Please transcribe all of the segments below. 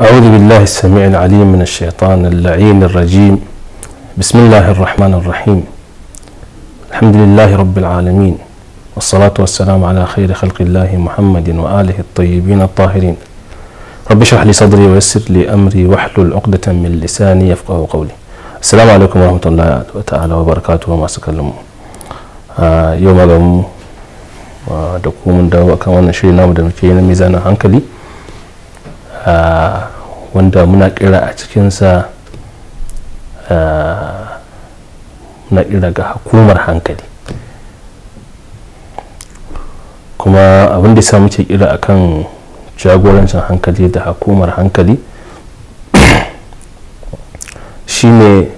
أعوذ بالله السميع العليم من الشيطان اللعين الرجيم بسم الله الرحمن الرحيم الحمد لله رب العالمين والصلاة والسلام على خير خلق الله محمد وآله الطيبين الطاهرين رب اشرح لي صدري ويسر لي أمري واحلل عقدة من لساني يفقه قولي السلام عليكم ورحمة الله تعالى وبركاته وما سكلم آه يوم الأم ودكم من دواء كمان شيء نام ميزان هنكلي Ah, wanda muna kira a cikinsa ah, muna kira ga hukumar hankali kuma abin da samu ce kira akan jagorancin hankali da hukumar hankali shine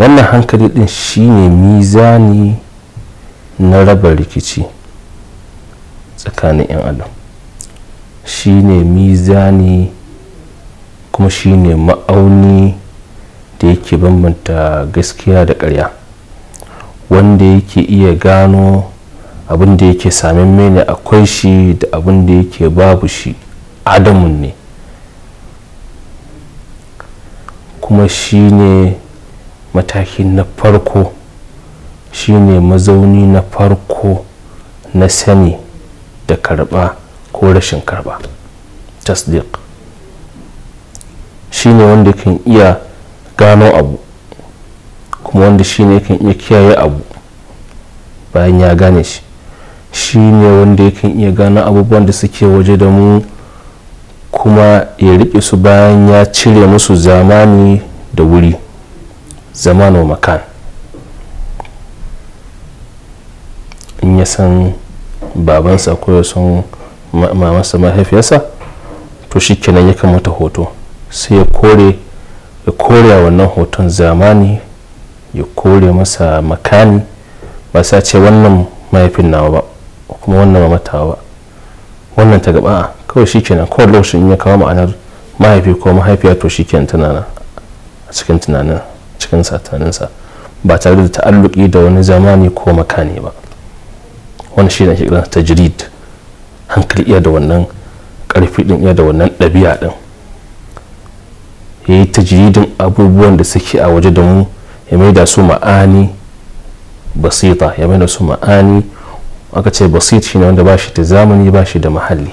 wannan hankali din shine mizani na raba rikici tsakanin 'yan adam shine mizani kuma shine ma'auni da yake bambanta gaskiya da ƙarya wanda yake iya gano abin da yake sami mene akwai shi da abin da yake babu shi adamun ne kuma shi ne mataki na farko shi ne mazauni na farko na sani da karba. ko rashin karba tasdiq shine wanda kan iya gano abu kuma wanda shine kan iya kiyaye abu bayan ya gane shi shine wanda kan iya gano abubuwan da suke waje da mu kuma ya riƙe su bayan ya cire musu zamani da wuri zamano makan in ya san babansa ko ya mamarsa mahaifiyarsa to shi kenan ya kamata hoto sai ya kore ya kore a wannan hoton zamani ya kore masa makani ba sa ce wannan mahaifin nawa ba kuma wannan matawa ba wannan ta gaba kawai shi kenan kawai lokacin in ya kawo ma'anar mahaifi ko mahaifiya to shi kenan tana a cikin tunanin cikin sataninsa ba tare da ta'alluki da wani zamani ko makani ba wani shi ne ta jirid. hankali iya da wannan karfi din iya da wannan ɗabi'a din ya yi tajridin abubuwan da suke a waje da mu ya mai da su ma'ani basita ya mai da su ma'ani aka ce basit shine wanda ba shi da zamani ba shi da mahalli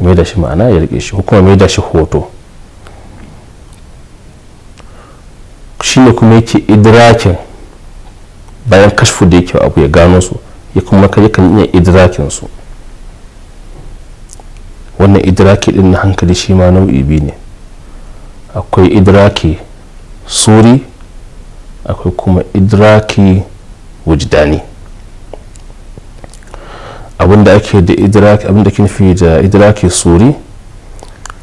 mai da shi ma'ana ya rike shi hukuma mai da shi hoto shine kuma yake idrakin bayan kashfu da yake abu ya gano su ya kuma kai kan iya idrakin su wannan idraki din na hankali shi ma nau'i biyu ne akwai idraki suri akwai kuma idraki wujdani abinda ake da idraki abinda ke nufi da idraki suri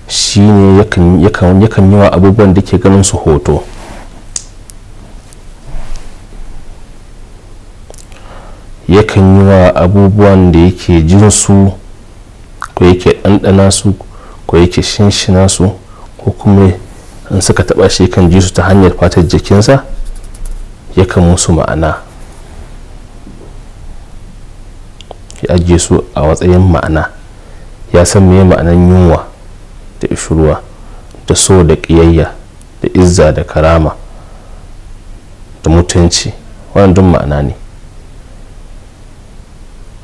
shine yakan yakan yakan yi wa abubuwan da ke ganin su hoto yakan yi wa abubuwan da yake jin su ko yake ɗanɗana su ko yake shinshina su ko kuma in suka taɓa shi kan ji su ta hanyar fatar jikinsa yakan musu ma'ana ya ajiye su a matsayin ma'ana ya san me ma'anan yunwa da ishirwa da so da ƙiyayya da izza da karama da mutunci wannan duk ma'ana ne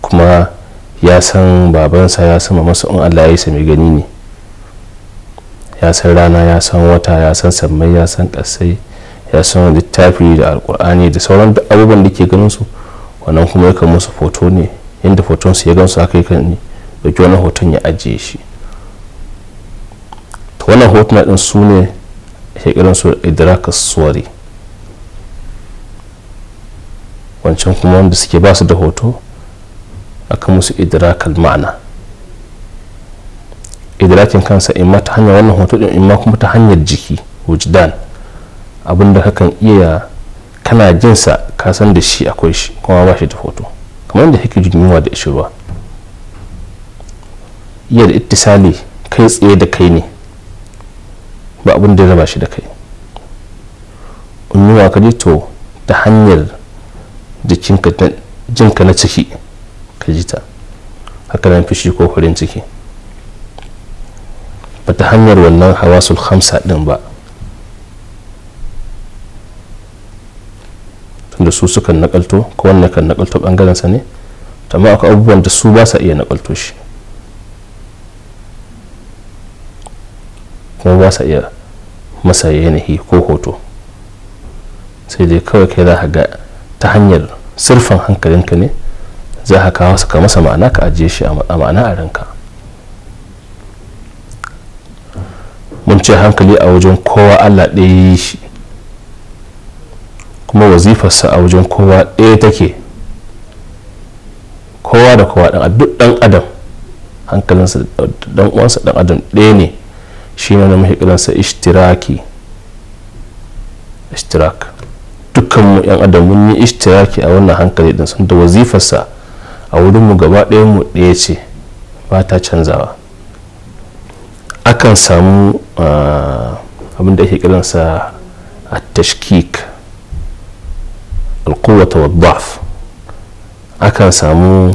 kuma ya san babansa ya sama masa in allah ya yi sami gani ne ya san rana ya san wata ya san sammai ya san kasai ya san littafi da alkur'ani da sauran abubuwan da ke ganin su wannan kuma yakan musu foto ne inda foton su ya gansu haka yakan ne dauki wani hoton ya ajiye shi to wannan hotuna din su ne ya kiran su idrakas suwari wancan kuma wanda suke ba su da hoto akan musu idrakal ma'ana idrakin kansa in ma ta hanyar wannan hoto din in ma kuma ta hanyar jiki wujdan abinda kakan iya kana jinsa ka san da shi akwai shi kuma ba shi da hoto kamar yadda kake jin yunwa da ishirwa iya da ittisali kai tsaye da kai ne ba abin da ya raba shi da kai in yunwa ka to ta hanyar jikinka na ciki ka ji ta haka nan fushi ko farin ciki ba ta hanyar wannan hawa khamsa din ba tunda su suka nakalto ko wannan kan nakalto bangarensa ne ma akwai abubuwan da su ba sa iya nakalto shi kuma ba sa iya masa yanayi ko hoto sai dai kawai kai za ga ta hanyar sirfan hankalinka ne za ka kawo ka masa ma'ana ka ajiye shi a ma'ana a ranka mun ce hankali a wajen kowa allah ɗaya yi shi kuma wazifarsa a wajen kowa ɗaya take kowa da kowa ɗan duk ɗan adam hankalinsa ɗan uwansa ɗan adam ɗaya ne shi ne na mahikiransa ishtiraki ishtirak mu 'yan adam mun yi ishtiraki a wannan hankali ɗin sun da wazifarsa a wurinmu gaba mu ɗaya ce ba ta canzawa akan samu abin da ake kiransa a tashkik alkowata wa akan samu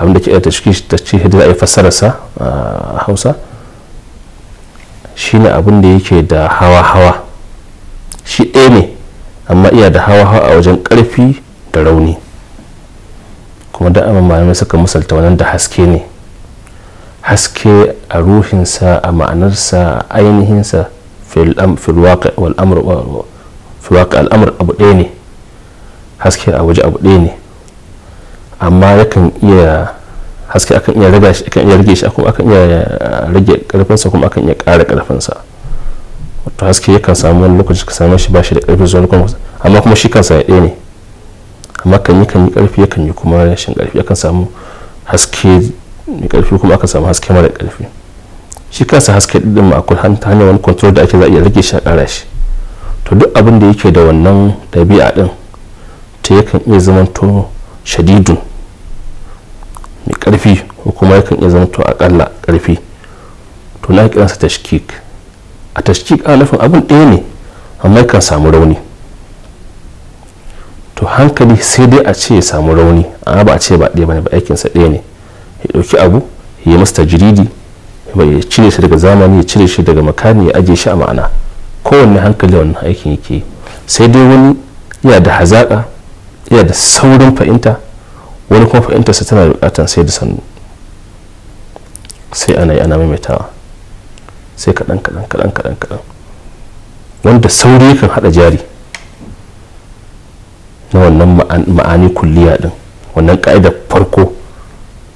abin da ke da tashkik ta ce da za a yi fassararsa a hausa shine abin da yake da hawa-hawa shi ɗaya ne amma iya da hawa-hawa a wajen ƙarfi da rauni kuma da malamai suka musalta wannan da haske ne haske a ruhinsa a ma'anarsa a ainihinsa filwaka al'amur abu ɗaya ne haske a waje abu ɗaya ne amma yakan iya haske akan iya rage shi akan iya rage shi kuma akan iya eh, rage karfinsa kuma akan iya ƙara karfinsa wato haske yakan samu wani lokaci ka same shi ba shi da karfi zuwa amma kuma shi kansa ya ɗaya ne amma kan yi kan yi karfi kan yi kuma rashin karfi akan samu haske mai karfi kuma akan samu haske mara karfi shi kansa haske din ma akwai hanyar wani control da ake za a iya rage shi a kara shi to duk abin da yake da wannan dabi'a din ta yakan iya to shadidun mai karfi ko kuma yakan iya zamanta akalla karfi to na kiransa tashkik a tashkik a nufin abin ɗaya ne amma kan samu rauni to hankali sai dai a ce ya samu rauni amma ba a ce ba ɗaya bane ba aikinsa ɗaya ne ya ɗauki abu ya masa jiridi ya cire shi daga zamani ya cire shi daga makani ya ajiye shi a ma'ana kowanne hankali wannan aikin yake sai dai wani yana da hazaƙa yana da saurin fahimta wani kuma fahimtarsa tana buƙatar sai da sannu sai ana yi ana maimaitawa sai kaɗan kaɗan kaɗan kaɗan kaɗan wanda sauri kan haɗa jari na wannan ma'ani kulliya din wannan ka'idar farko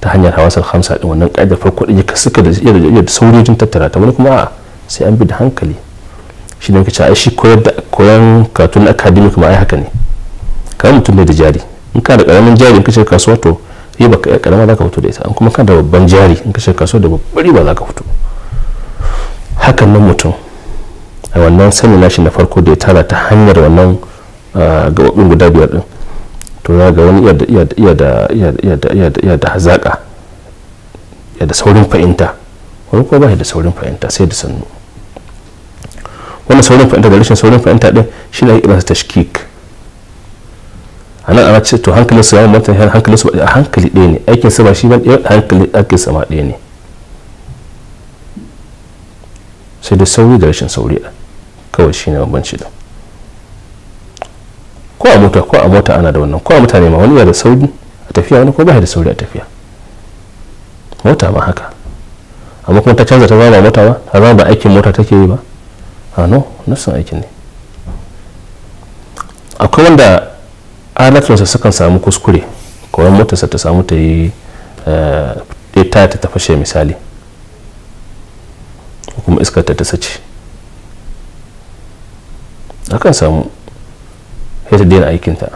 ta hanyar hawasar hamsa din wannan ka'idar farko din ka suka da yadda da sauri tattara ta wani kuma a sai an bi da hankali shi ne kace ai shi koyar da koyan karatun academic ma ai haka ne kamar mutum ne da jari in ka da karamin jari in kace kasuwa to riba karama za ka fito da ita in kuma ka da babban jari in kace kasuwa da babban riba za ka fito hakan nan mutum a wannan sani nashi na farko da ya tara ta hanyar wannan gaɓaɓɓun guda biyar ɗin to za ga wani iya da hazaƙa iya da saurin fahimta wani kuma ba da saurin fahimta sai da sannu wannan saurin fahimta da rashin saurin fahimta ɗin shi ne irinsa tashkik a nan ana ce to hankalin su ya mamata hankalin su a hankali ɗaya ne aikin sa ba shi ba eh, hankali aikin sa ma ɗaya ne sai da sauri da rashin sauri kawai shi ne bambanci ɗin ko a mota ko a mota ana da wannan ko a mutane ma wani ya da sauri a tafiya wani ko ba da sauri a tafiya mota ma haka amma kuma ta canza ta zama mota ba ta zama ba aikin mota take yi ba a ah, no na san aikin ne akwai wanda alatunsa sukan samu kuskure kawai motarsa ta samu ta yi eh, ta ta fashe misali kuma iskar ta ta sace akan samu sai ta daina aikinta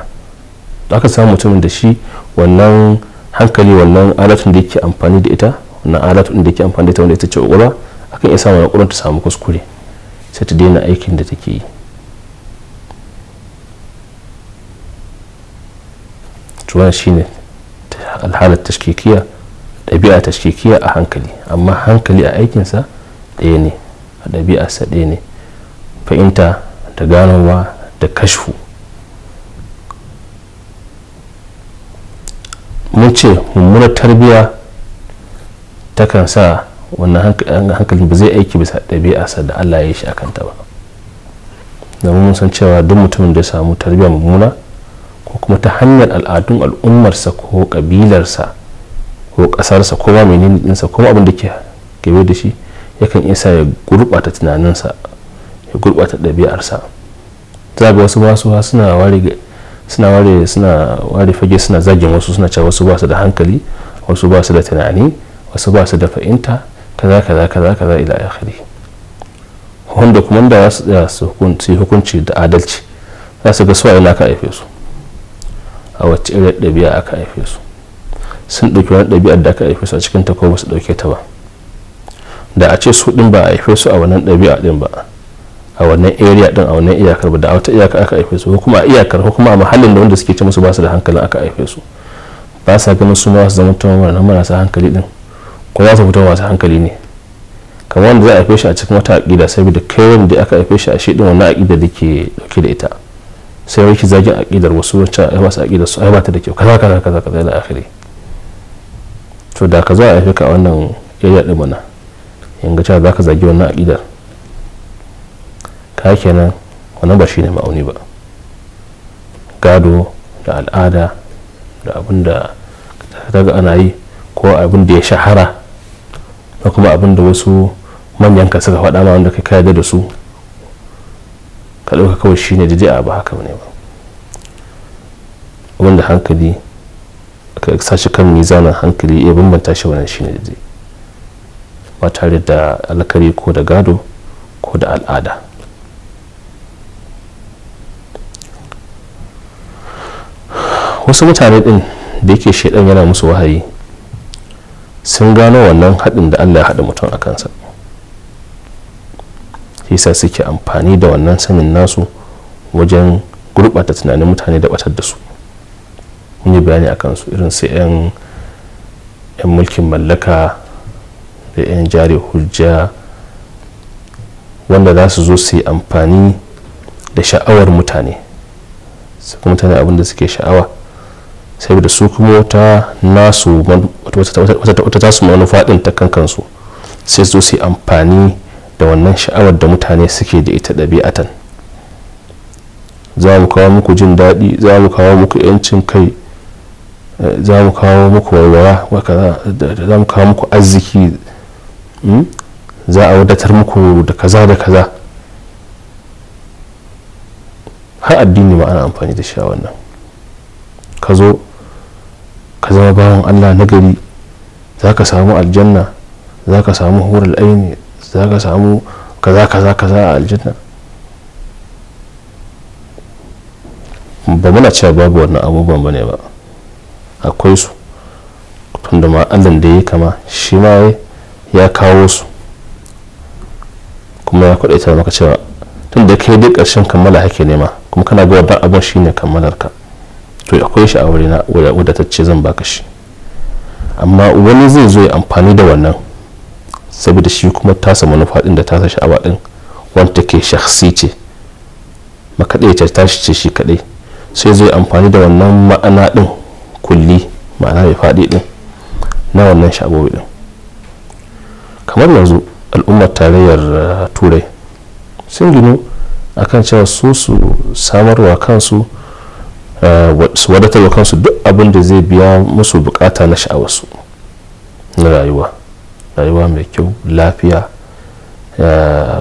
da aka samu mutumin da shi wannan hankali wannan alatun da yake amfani da ita wannan alatun da yake amfani da ita wanda ita ce kwakwalwa akan iya samun kwakwalwa ta samu kuskure sai ta daina aikin da take yi tuwa shine alhalar tashkikiya ɗabi'a tashkikiya a hankali amma hankali a aikinsa ɗaya ne a ɗabi'arsa ɗaya ne fahimta da ganowa da kashfu mun ce mummunar ta kan sa wannan hankalin ba zai aiki bisa ɗabi'arsa da allah ya yi shi a ta ba domin mun san cewa duk mutumin da ya samu tarbiya mummuna ko kuma ta hanyar al'adun al'ummarsa ko ƙabilarsa ko ƙasarsa ko ba menene ɗinsa ko abin da ke game da shi yakan isa ya gurɓata tunaninsa ya gurɓata ɗabi'arsa za ga wasu masu suna ware suna ware suna ware fage suna zagin wasu suna cewa wasu ba su da hankali wasu ba su da tunani wasu ba su da fahimta kaza kaza kaza kaza ila akhiri wanda kuma da da su hukunci hukunci da adalci za su ga suwaye na ka haife su a wacce irin ɗabi'a aka haife su sun ɗauki wani ɗabi'ar da aka haife su a cikin ta su ɗauke ta ba da a ce su ɗin ba a haife su a wannan ɗabi'a ɗin ba a wannan area din a wannan iyakar ba da a wata iyaka aka haife su ko kuma a iyakar ko kuma a mahallin da wanda suke ci musu ba su da hankalin aka haife su ba sa ganin su ma su zama tuma wannan marasa hankali din ko za su fito masu hankali ne kamar wanda za a haife shi a cikin wata aƙida saboda kai wanda aka haife shi a shi din wannan aƙida da ke dauke da ita sai wai ki zagin aƙidar wasu wacce ai su aƙidar su ai yaba ta da kyau kaza kaza kaza kaza da akhiri to da ka zo a haife ka a wannan area din mana yanga cewa za ka zagi wannan aƙidar ka kenan wannan ba shi ne ma'auni ba gado da al'ada da abin da daga ana yi ko abin da ya shahara da kuma abin da wasu manyan ka suka faɗa ma wanda kai ka yarda da su ka ɗauka kawai shine a ba haka ne ba wanda hankali ka sashi kan mizanin hankali ya bambanta shi wannan shine daidai ba tare da alkari ko da gado ko da al'ada wasu mutane din da yake shaidan yana musu wahayi sun gano wannan haɗin da allah ya haɗa mutum a kansa yasa suke amfani da wannan sanin nasu wajen gurɓata tunanin mutane da batar da su mun yi bayani a kansu irin su 'yan mulkin mallaka da 'yan jari hujja wanda za su zo su yi amfani da sha'awar mutane su kuma mutane abin da suke sha'awa saboda su kuma wata nasu wata tasu manufa din ta kankansu sai zo su amfani da wannan sha'awar da mutane suke da ita ɗabi'atan za mu kawo muku jin daɗi za mu kawo muku 'yancin kai eh, za mu kawo muku warwara za mu kawo muku arziki hmm? za a wadatar muku da kaza da kaza har addini ma ana amfani da shi a wannan ka zo ka zama bawan allah na gari za ka samu aljanna za ka samu horar aini za ka samu kaza kaza kaza a aljanna ba muna cewa babu wannan abubuwan ba ne ba akwai su tunda ma allan da ya kama shi ma ya kawo su kuma ya kwaɗaita maka cewa tun da kai duk ƙarshen kammala hake nema kuma kana ga wannan abin ne kammalar ka to akwai shi a wurina wadatacce zan baka shi amma wani zai zo ya amfani da wannan saboda shi kuma tasa manufa din da tasa sha'awa din wanda ke shakhsi ce makaɗaiciyar tashi ce shi kaɗai sai zai amfani da wannan ma'ana ɗin kulli ma'ana mai faɗi ɗin na wannan sha'abobi din. kamar yanzu al'ummar tarayyar uh, turai sun gino akan cewa su su samarwa kansu su wadatar kansu duk abin da zai biya musu bukata na sha'awarsu na rayuwa rayuwa mai kyau lafiya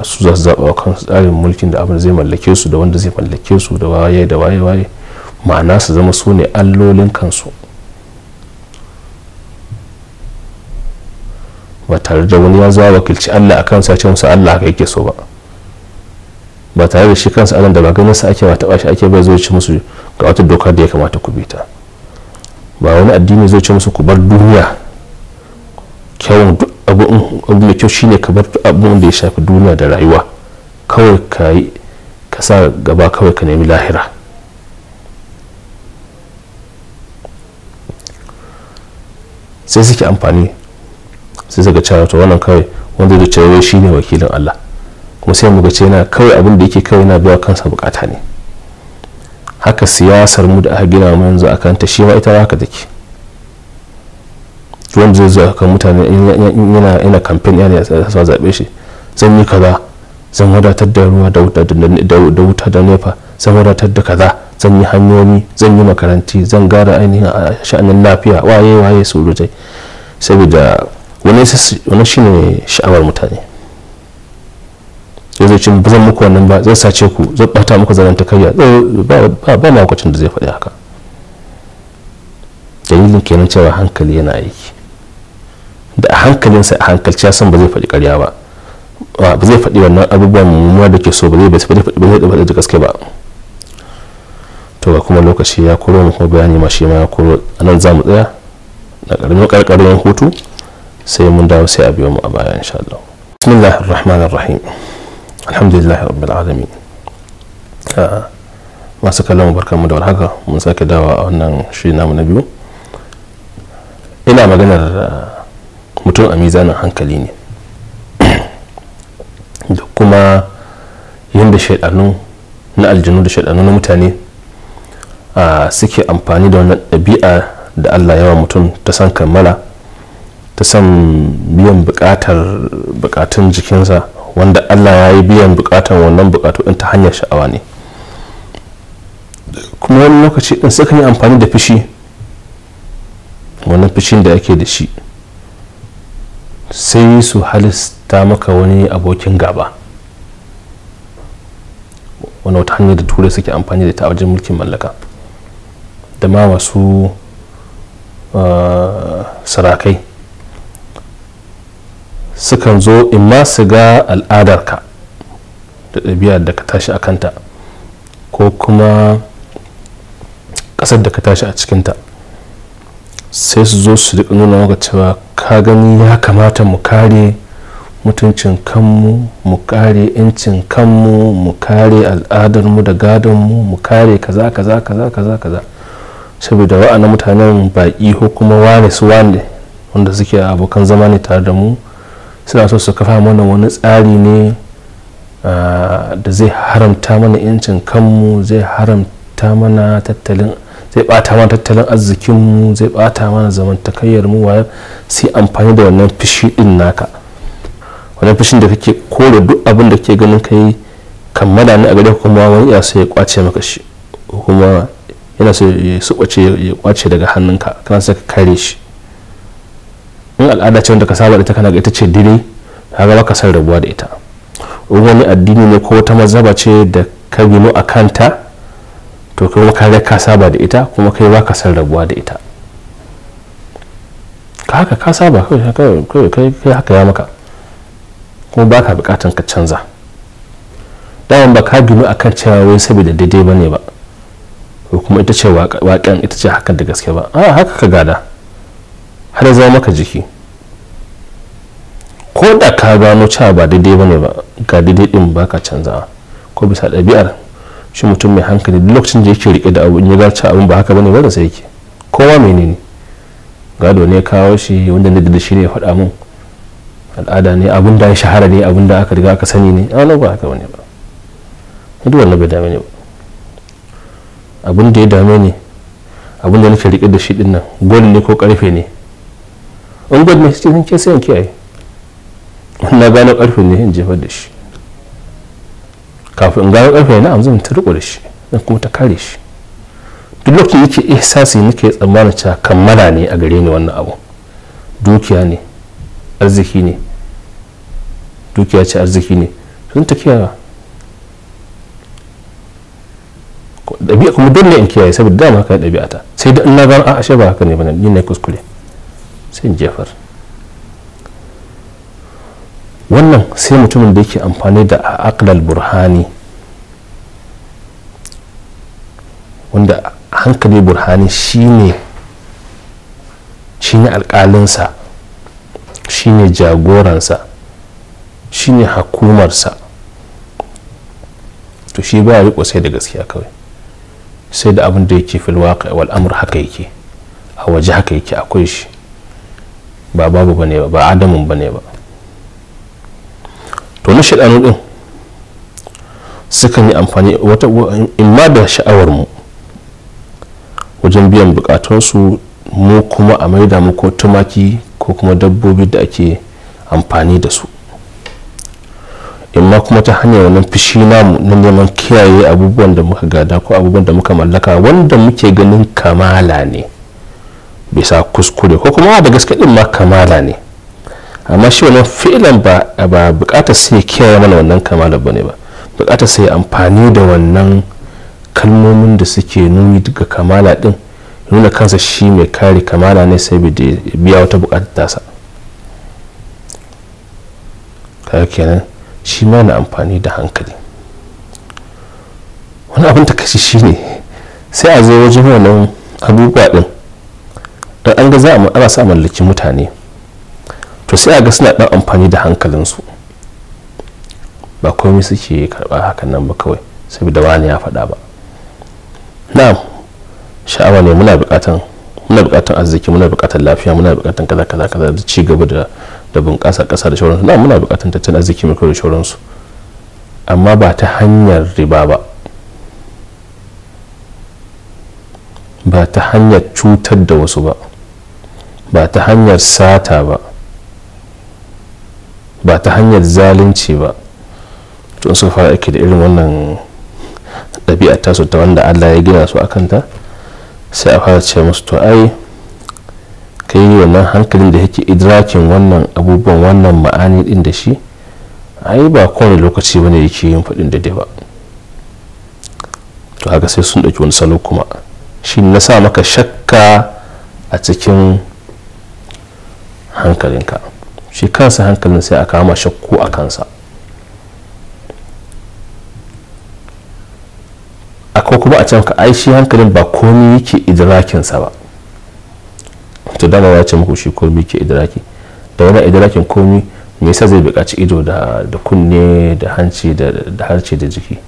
su za su zaɓa kansu tsarin mulkin da abin zai mallake su da wanda zai mallake su da waye da waye waye ma'ana su zama su ne allolin kansu ba tare da wani ya zuwa wakilci allah a kansu ya ce musu allah ka yake so ba ba tare da shi kansu allah da ba ganin sa ake ba taɓa shi ake bai zuwa ci musu ga wata doka da ya kamata ku bi ta ba wani addini zai ce musu ku bar duniya kyawun abu mai kyau shine ka bar abun da ya shafi duniya da rayuwa kawai ka yi ka sa gaba kawai ka nemi lahira sai suke amfani sai suka cewa to wannan kawai wanda da cewa shine wakilin Allah kuma sai mu ga cewa kawai abin da yake kawai na biya kansa bukata ne haka siyasar mu da aka gina mu yanzu a kanta shi ma ita haka take wanda zai zo kan mutane yana yana kamfen yana sa zaɓe shi zan yi kaza zan wadatar da ruwa da wuta da nefa zan wadatar da kaza zan yi hanyoyi zan yi makaranti zan gara ainihin a sha'anin lafiya waye waye rutai saboda wani shi ne sha'awar mutane sai zai ce ba zan muku wannan ba zai sace ku zai bata muku zanantakarya ba ba lokacin da zai faɗi haka dalilin kenan cewa hankali yana aiki da a hankalinsa a hankalci ya san ba zai faɗi ƙarya ba ba zai faɗi wannan abubuwan mummuwa da ke so ba zai ba zai faɗi da gaske ba to ga kuma lokaci ya koro mu kuma bayani ma shi ma ya koro a nan za mu tsaya na ƙaramin ƙarƙarin hutu sai mun dawo sai a biyo mu a baya insha Allah bismillahir rahmanir rahim alhamdulillahi rabbil alamin ah, masu kallon barkan mu da warhaka mun sake dawa a wannan shi namu na biyu ina maganar ah, mutum a mizanin hankali ne da kuma yadda shaidanu na aljanu da shaidanu na mutane ah, suke amfani da wannan ɗabi'a da allah yawa mutum ta san kammala ta san biyan bukatar bukatun jikinsa wanda allah ya yi biyan bukatan wannan bukatu in ta hanyar sha'awa ne kuma wani lokaci in suka yi amfani da fishi wannan fishin da ake da shi sai su halista maka wani abokin gaba wani wata hanyar da turai suke amfani da ta wajen mulkin mallaka da ma masu ah, sarakai sukan zo in ma su ga al'adarka da ɗabi'ar da ka tashi a kanta ko kuma ƙasar da ka tashi a cikinta sai su zo su riƙa nuna maka cewa ka gani ya kamata mu kare mutuncin kanmu mu kare 'yancin kanmu mu kare al'adarmu da gadonmu mu kare kaza kaza kaza kaza kaza saboda wa'annan mutanen baƙi ko kuma wane su wane wanda suke abokan zama ne tare da mu suna so su kafa mana wani tsari ne ah, da zai haramta mana yancin kanmu zai haramta mana tattalin zai bata mana tattalin arzikinmu zai bata mana zamantakayyar mu wayar sai amfani da wannan fishi din naka wannan fishin da kake kore duk abin da ke ganin kai kammala ne a gare kuma wani ya sai ya kwace maka shi kuma yana so ya ya kwace daga hannunka kana sai ka kare shi in al'ada ce wanda ka saba da ita kana ga ita ce daidai kaga ba ka san rabuwa da ita in wani addini ne ko wata mazhaba ce da ka gino a kanta to kuma ka ka saba da ita kuma kai ba san rabuwa da ita ka haka ka saba kai haka ya maka kuma baka bukatan ka canza daman ba ka gino a kan cewa wai saboda daidai ba ne ba ko kuma ita ce waƙen ita ce hakan da gaske ba a haka ka gada har zama maka jiki ko da ka gano cewa ba daidai bane ba ga daidai din ba ka canza ko bisa ɗabi'ar shi mutum mai hankali duk lokacin da yake rike da abu in ya gaci abin ba haka bane wanda sai yake kowa menene gado ne kawo shi wanda na da shi ne faɗa mun al'ada ne abin da ya shahara ne abin da aka riga aka sani ne a ba haka bane ba duk wannan bai dame ni ba abin da ya dame ni abin da nake rike da shi din nan gwal ne ko karfe ne in gwad shi cikin ke sayan kiyaye na gano karfin ne in jefar da shi kafin in gano karfin na amzan ta riko da shi na kuma ta kare shi duk lokacin yake ihsasi nake tsammanin cewa kammala ne a gare ni wannan abu dukiya ne arziki ne dukiya ce arziki ne sun ta kiyaye dabi'a kuma dole in kiyaye saboda dama ka ɗabi'a ta sai da in na gano a ashe ba haka ne ba ne kuskure sai jefar wannan sai mutumin da yake amfani da aqlal burhani wanda hankali burhani shine shine alkalinsa shine jagoransa shine hakumarsa to shi ba riko sai da gaskiya kawai sai da abin da yake filwaka wal amur haka yake a waje haka yake akwai shi ba babu bane ba ba adamun bane ba to na shaɗanu ɗin sukan yi amfani wata imma da sha'awar mu wajen biyan bukatunsu mu kuma a maida mu ko tumaki ko kuma dabbobi da ake amfani da su imma kuma ta hanyar wannan fushi namu na neman kiyaye abubuwan da muka gada ko abubuwan da muka mallaka wanda muke ganin kamala ne bisa kuskure ko kuma da gaske din ma kamala ne amma shi wannan fi'ilan ba ba bukatar sai kiyaye mana wannan kamala bane ba bukatar sai amfani da wannan kalmomin da suke nuni daga kamala din nuna kansa shi mai kare kamala ne sai biya wata bukatar tasa kaga kenan shi ma na amfani da hankali wani abin ta kashi ne sai a zai wajen wannan abubuwa din don an ga za ana sa mallaki mutane to sai a ga suna dan amfani da hankalinsu ba komai suke karba hakan nan ba kawai saboda wani ya faɗa ba na sha'awa ne muna buƙatan muna buƙatan arziki muna buƙatan lafiya muna buƙatan kaza kaza kaza da ci gaba da da bunƙasa ƙasa da shauransu na muna buƙatan tattalin arziki mai kyau da shauransu amma ba ta hanyar riba ba ba ta hanyar cutar da wasu ba ba ta hanyar sata ba ba ta hanyar zalunci ba tun su fara ake da irin wannan ɗabi'a tasu ta wanda allah ya gina su akan ta sai a fara ce musu to ai ka yi wannan hankalin da yake idrakin wannan abubuwan wannan ma'ani ɗin da shi ai ba kowane lokaci wani yake yin faɗin da ba to haka sai sun ɗauki wani salo kuma shi na sa maka shakka a cikin hankalinka shi kansa hankalin sai a kama shakku a kansa akwai kuma a can ka aishi hankalin ba komi yake idrakinsa ba to dama ya ce muku shi komi yake idraki da wani idrakin komi me yasa zai bukaci ido da kunne da hanci da harce da jiki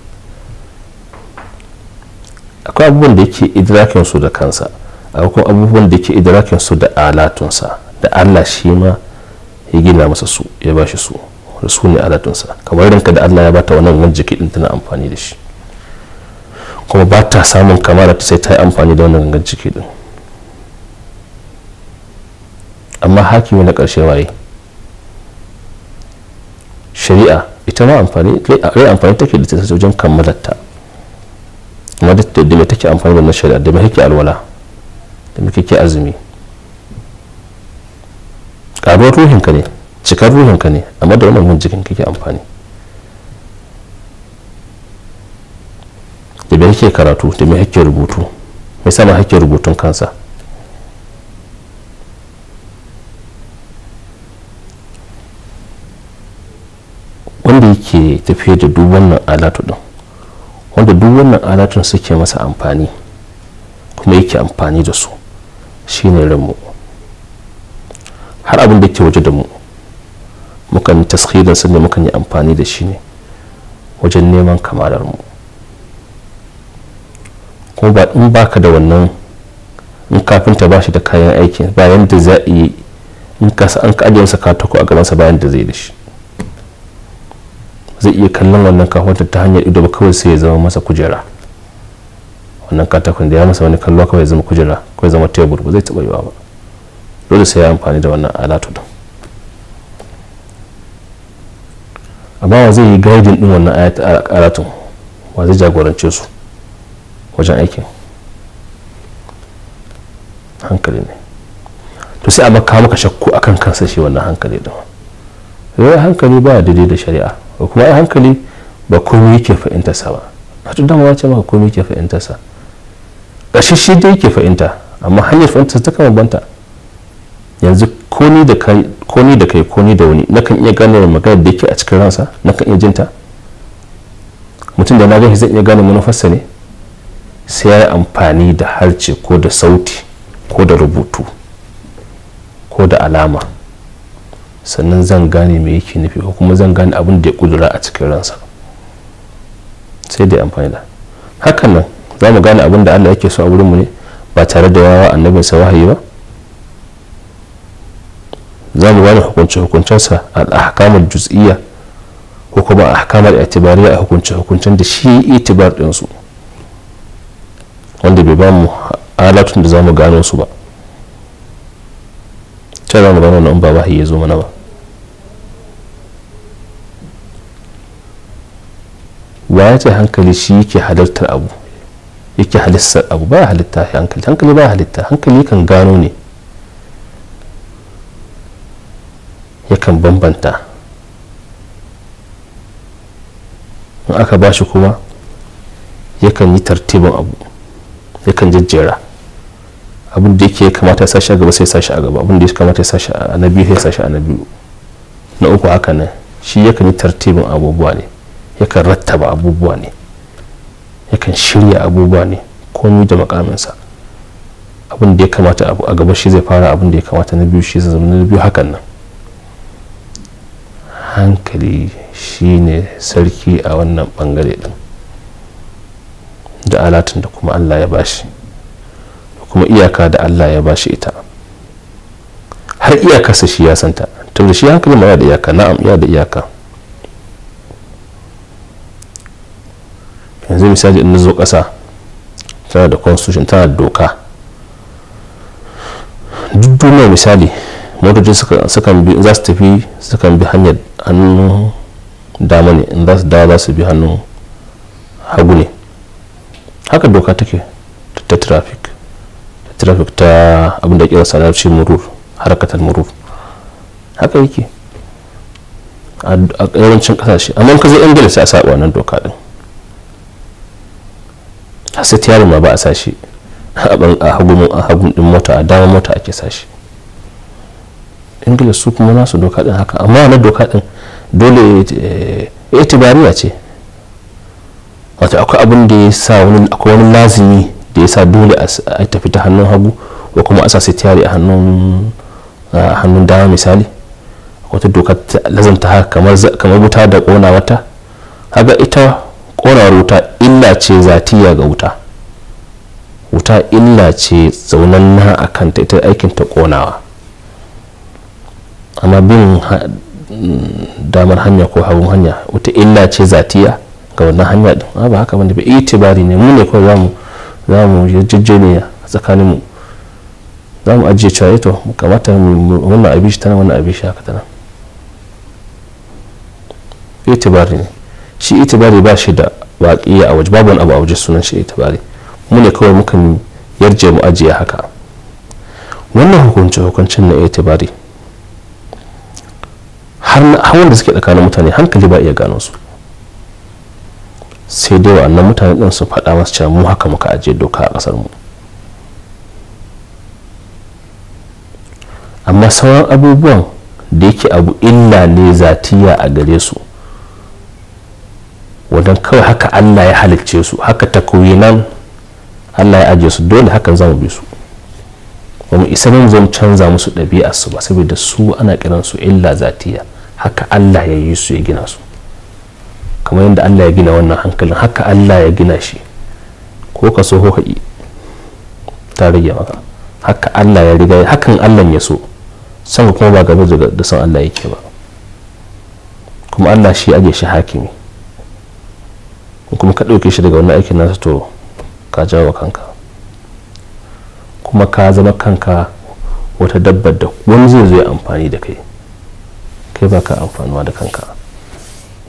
akwai abubuwan da yake idrakinsu da kansa akwai abubuwan da yake idrakinsu da alatunsa da allah shi ma ya gina masa su ya ba shi su da su ne alatunsa kamar ranka da allah ya bata wannan gangan jiki din tana amfani da shi kuma ba ta samun ta sai ta yi amfani da wannan gangan jiki din amma hakimi na ƙarshe waye shari'a ita ma amfani rai amfani take da ta wajen kammalarta amma da take amfani da na shari'a da mai alwala da muke azumi karuwar ruhinka ne cikar ruhinka ne amma da wannan jikin kake amfani da me kake karatu da mai kake rubutu mai sama kake rubutun kansa wanda yake tafiye da duk wannan alatu din wanda duk wannan alatun suke masa amfani kuma yake amfani da su shine ranmu har abin da ke waje da mu mukan taskirin sun da mukan yi amfani da shi ne wajen neman kamalar mu kuma ba in baka da wannan in kafinta ba shi da kayan aiki bayan da za a yi in ka an ka ajiye masa katako a gabansa bayan da zai da shi zai iya kallon wannan kafin ta hanyar ido ba kawai sai ya zama masa kujera wannan katakon da ya masa wani kallo kawai ya zama kujera kawai zama tebur ba zai taba yiwa ba dole sai ya amfani da wannan alatu din amma wa zai yi gaidin din wannan alatun wa zai jagorance su wajen aikin hankali ne to sai a maka maka shakku akan kansa shi wannan hankali din yau eh, hankali ba daidai da shari'a ko kuma hankali ba komai yake fahimta ba ba tun dama wace maka komai yake fahimta sa dai yake fahimta amma hanyar fahimta ta kan banta yanzu ko ni da kai ko ni da wani na kan iya gane da magana da yake a cikin ransa na kan iya jinta mutum da na gani zai iya gane manufarsa ne sai ya yi amfani da harce ko da sauti ko da rubutu ko da alama sannan zan gane me yake nufi ko kuma zan gane abin da ya kudura a cikin ransa sai dai amfani da hakan nan za mu gane abin da allah yake so a wurinmu ne ba tare da yawa annabinsa wahayi ba za mu gane hukunce hukuncensa a ahkamul juz'iyya ko kuma ahkamul itibariya a hukunce hukuncen da shi itibar din su wanda bai ba mu alatun da za mu gano su ba ta za mu gano wannan ba ya zo mana ba wa ya ce hankali shi yake halittar abu yake halittar abu ba halitta hankali hankali ba halitta hankali kan gano ne yakan bambanta in aka ba shi kuma yakan yi tartibin abu yakan jejjera abin da yake kamata ya sashi a gaba sai sashi a gaba abin da ya kamata ya sashi a na biyu sai sashi a na biyu na uku haka nan shi yakan yi tartibin abubuwa ne yakan rattaba abubuwa ne yakan shirya abubuwa ne komi da makaminsa abin da ya kamata a gaba shi zai fara abin da ya kamata na biyu shi zai zama na biyu hakan nan hankali shine sarki a wannan bangare din da alatun da kuma allah ya bashi da kuma iyaka da allah ya bashi ita har iyakarsa shi ya santa ta da shi hankali ma da iyaka na'am ya da iyaka yanzu misali in zo kasa tana da constitution tana da doka duk duniya misali motoci sukan bi za su tafi sukan bi hanyar hannun dama ne in za su dawa za su bi hannun hagu ne haka doka take ta traffic ta traffic ta abin da kira narci murur harkatar murur haka yake a yawancin kasashe amma ka zai ingila sai a saba wannan doka din sai tiyari ma ba a sashi a hagun din mota a dama mota ake sashi ingila su kuma nasu doka din haka amma wani doka din dole eh, itibariya ce wato akwai abin da ya sa wani akwai wani lazimi da ya sa dole a tafi ta hannun hagu ko kuma a sa tiyari a hannun dama misali wata doka lazanta haka kamar wuta da kona wata haga ita konawar wuta illa ce zatiya ga wuta wuta illa ce zaunan na a kanta ita aikin ta konawa amma bin damar hanya ko hagun hanya wata illa ce zatiya ga wannan hanya din ah, ba haka bane ba itibari ne mu ne kawai za mu jajjene tsakanin mu za mu ajiye cewa eh to kamata wannan abin shi tana wannan abin shi haka tana itibari ne shi itibari ba shi da waƙiya a waje babu wani abu a waje sunan shi itibari mu ne kawai mukan yarje mu ajiye haka wannan hukunci hukuncin na itibari har da suke tsakanin mutane hankali ba iya gano su sai dai mutane din su faɗa masu cewa mu haka muka ajiye doka a ƙasar mu amma sauran abubuwan da yake abu illa ne zatiya a gare su wadan kawai haka allah ya halicce su haka takoyi nan allah ya ajiye su dole hakan zamu bi su ba isa mu canza musu ɗabi'a su ba saboda su ana kiransu illa zatiya haka Allah ya yi su ya gina su kamar yadda Allah ya gina wannan hankalin haka Allah ya gina shi ko ka so haƙi ta rage maka haka Allah ya riga hakan Allah ya so san kuma ba game da san Allah yake ba kuma Allah shi ake shi hakimi kuma ka ɗauke shi daga wannan aikin nasa to ka jawo kanka kuma ka zama kanka wata dabbar da wani zai zo ya amfani da kai kai baka amfanuwa da kanka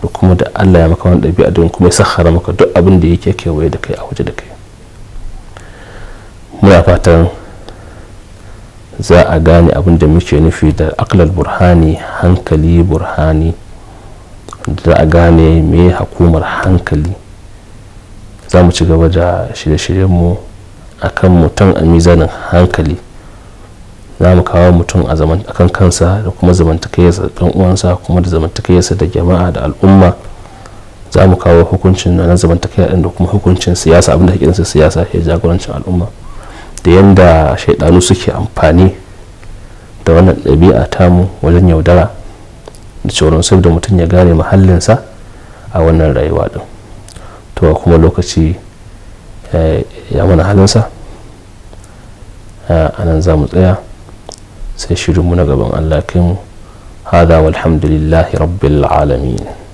da kuma da Allah ya maka wani ɗabi'a don kuma ya sahara maka duk abin da yake kewaye da kai a waje da kai muna fatan za a gane abin da muke nufi da aklal burhani hankali burhani da a gane me hukumar hankali za mu ci gaba da shirye-shiryenmu a kan mutum a mizanin hankali za mu kawo mutum a zaman akan kansa da kuma zamantakayarsa da ɗan uwansa kuma da zamantakayarsa da jama'a da al'umma za mu kawo hukuncin na zamantakayar ɗin da kuma hukuncin siyasa abinda ake kinsa siyasa ke jagorancin al'umma da yanda shaidanu suke amfani da wannan ɗabi'a tamu wajen yaudara da cewar da mutum ya gane mahallinsa a wannan rayuwa ɗin to kuma lokaci eh, ya mana halinsa eh, a nan za mu tsaya sai shirinmu na gaban Allah kai mu hada walhamdulillahi rabbil alamin